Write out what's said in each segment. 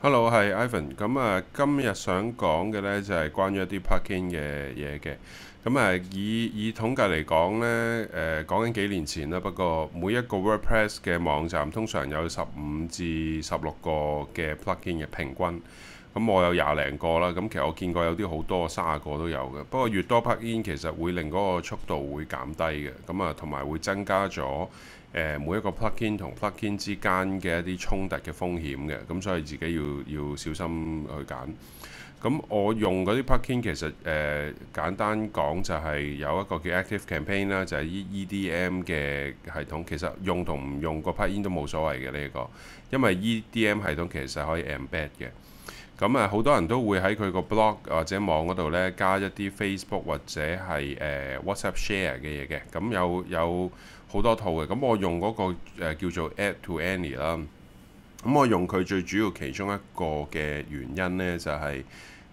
Hello，我係 Ivan，咁啊，今日想講嘅呢就係關於一啲 plugin 嘅嘢嘅，咁啊以以統計嚟講呢，誒講緊幾年前啦，不過每一個 WordPress 嘅網站通常有十五至十六個嘅 plugin 嘅平均。咁、嗯、我有廿零個啦。咁、嗯、其實我見過有啲好多，三十個都有嘅。不過越多 plugin 其實會令嗰個速度會減低嘅。咁、嗯、啊，同埋會增加咗誒、呃、每一個 plugin 同 plugin 之間嘅一啲衝突嘅風險嘅。咁、嗯、所以自己要要小心去揀。咁、嗯、我用嗰啲 plugin 其實誒、呃、簡單講就係有一個叫 active campaign 啦，就係 EDM 嘅系統。其實用同唔用、這個 plugin 都冇所謂嘅呢一個，因為 EDM 系統其實可以 embed 嘅。咁啊，好多人都會喺佢個 blog 或者網嗰度咧，加一啲 Facebook 或者係誒 WhatsApp share 嘅嘢嘅。咁有有好多套嘅。咁我用嗰個誒叫做 Add to Any 啦。咁我用佢最主要其中一個嘅原因咧，就係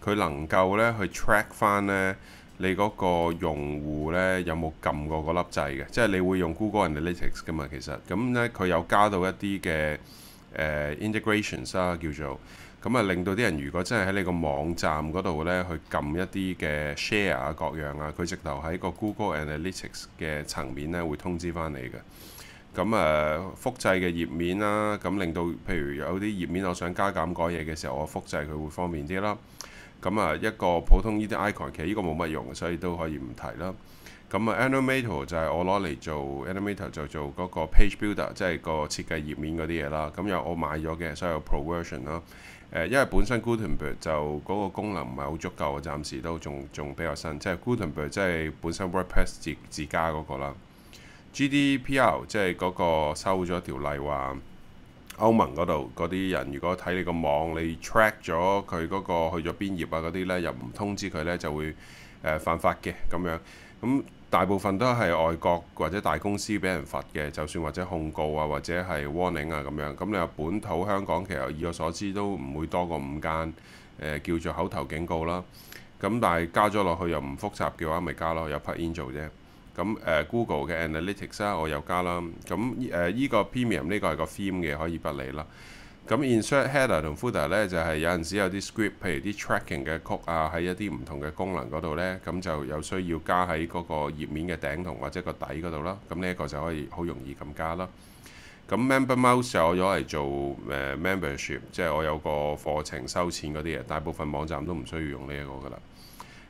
佢能夠咧去 track 翻咧你嗰個用戶咧有冇撳過嗰粒掣嘅。即係你會用 Google Analytics 嘅嘛，其實。咁咧佢有加到一啲嘅誒 integrations 啦，uh, integr ations，叫做。咁啊，令到啲人如果真係喺你個網站嗰度咧，去撳一啲嘅 share 啊，各樣啊，佢直頭喺個 Google Analytics 嘅層面咧，會通知翻你嘅。咁啊，呃，複製嘅頁面啦，咁令到譬如有啲頁面我想加減改嘢嘅時候，我複製佢會方便啲啦。咁啊，一個普通呢啲 icon 其實呢個冇乜用，所以都可以唔提啦。咁啊，Animator 就係我攞嚟做 Animator 就做嗰個 Page Builder，即係個設計頁面嗰啲嘢啦。咁有我買咗嘅，所有 Pro Version 啦。誒，因為本身 Gutenberg 就嗰個功能唔係好足夠，暫時都仲仲比較新，即係 Gutenberg 即係本身 WordPress 自自家嗰個啦。GDPR 即係嗰個收咗條例話。歐盟嗰度嗰啲人，如果睇你個網，你 track 咗佢嗰個去咗邊頁啊嗰啲咧，又唔通知佢咧，就會誒犯法嘅咁樣。咁大部分都係外國或者大公司俾人罰嘅，就算或者控告啊，或者係 warning 啊咁樣。咁你話本土香港其實以我所知都唔會多過五間誒，叫做口頭警告啦。咁但係加咗落去又唔複雜嘅話，咪加咯，有 part in 做啫。咁 Google 嘅 Analytics、啊、我又加啦。咁誒依個 Premium 呢個係個 Theme 嘅，可以不理啦。咁 Insert Header 同 Footer 咧，就係、是、有陣時有啲 script，譬如啲 tracking 嘅 code 啊，喺一啲唔同嘅功能嗰度咧，咁就有需要加喺嗰個頁面嘅頂同或者個底嗰度啦。咁呢一個就可以好容易咁加啦。咁 Member Mouse 就我用嚟做、uh, Membership，即係我有個課程收錢嗰啲嘢，大部分網站都唔需要用呢一個噶啦。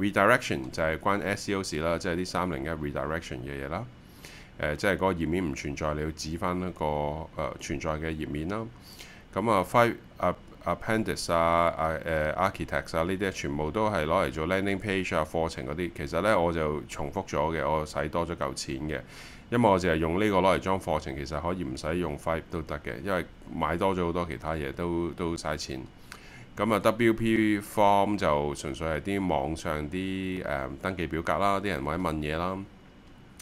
Redirection 就係關 SEO 事啦，即係啲三零一 redirection 嘅嘢啦。即係嗰個頁面唔存在，你要指翻一個誒、呃、存在嘅頁面啦。咁啊，Five Appendix 啊、誒、啊啊啊、Architects，啊呢啲全部都係攞嚟做 landing page 啊課程嗰啲。其實呢，我就重複咗嘅，我使多咗嚿錢嘅。因為我淨係用呢個攞嚟裝課程，其實可以唔使用 Five 都得嘅，因為買多咗好多其他嘢都都嘥錢。咁啊，WP Form 就純粹係啲網上啲誒、呃、登記表格啦，啲人或者問嘢啦。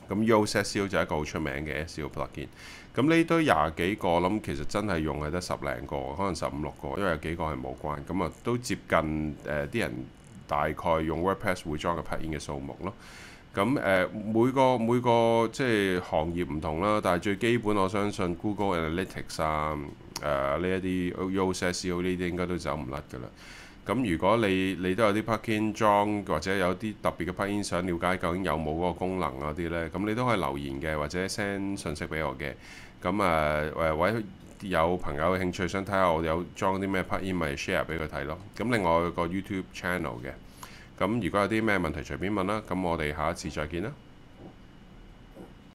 咁 Yoast SEO 就係一個好出名嘅 SEO Plugin。咁呢堆廿幾個，諗其實真係用係得十零個，可能十五六個，因為有幾個係冇關。咁啊，都接近誒啲、呃、人大概用 WordPress 會裝嘅 Plugin 嘅數目咯。咁誒每個每個即係行業唔同啦，但係最基本我相信 Google Analytics 啊，誒呢一啲 SEO 呢啲應該都走唔甩噶啦。咁、嗯、如果你你都有啲 plugin 裝，或者有啲特別嘅 plugin 想了解究竟有冇嗰個功能啊啲呢，咁你都可以留言嘅，或者 send 信息俾我嘅。咁誒誒，或者有朋友嘅興趣想睇下我哋有裝啲咩 plugin 咪 share 俾佢睇咯。咁、嗯、另外個 YouTube channel 嘅。咁如果有啲咩問題，隨便問啦。咁我哋下一次再見啦。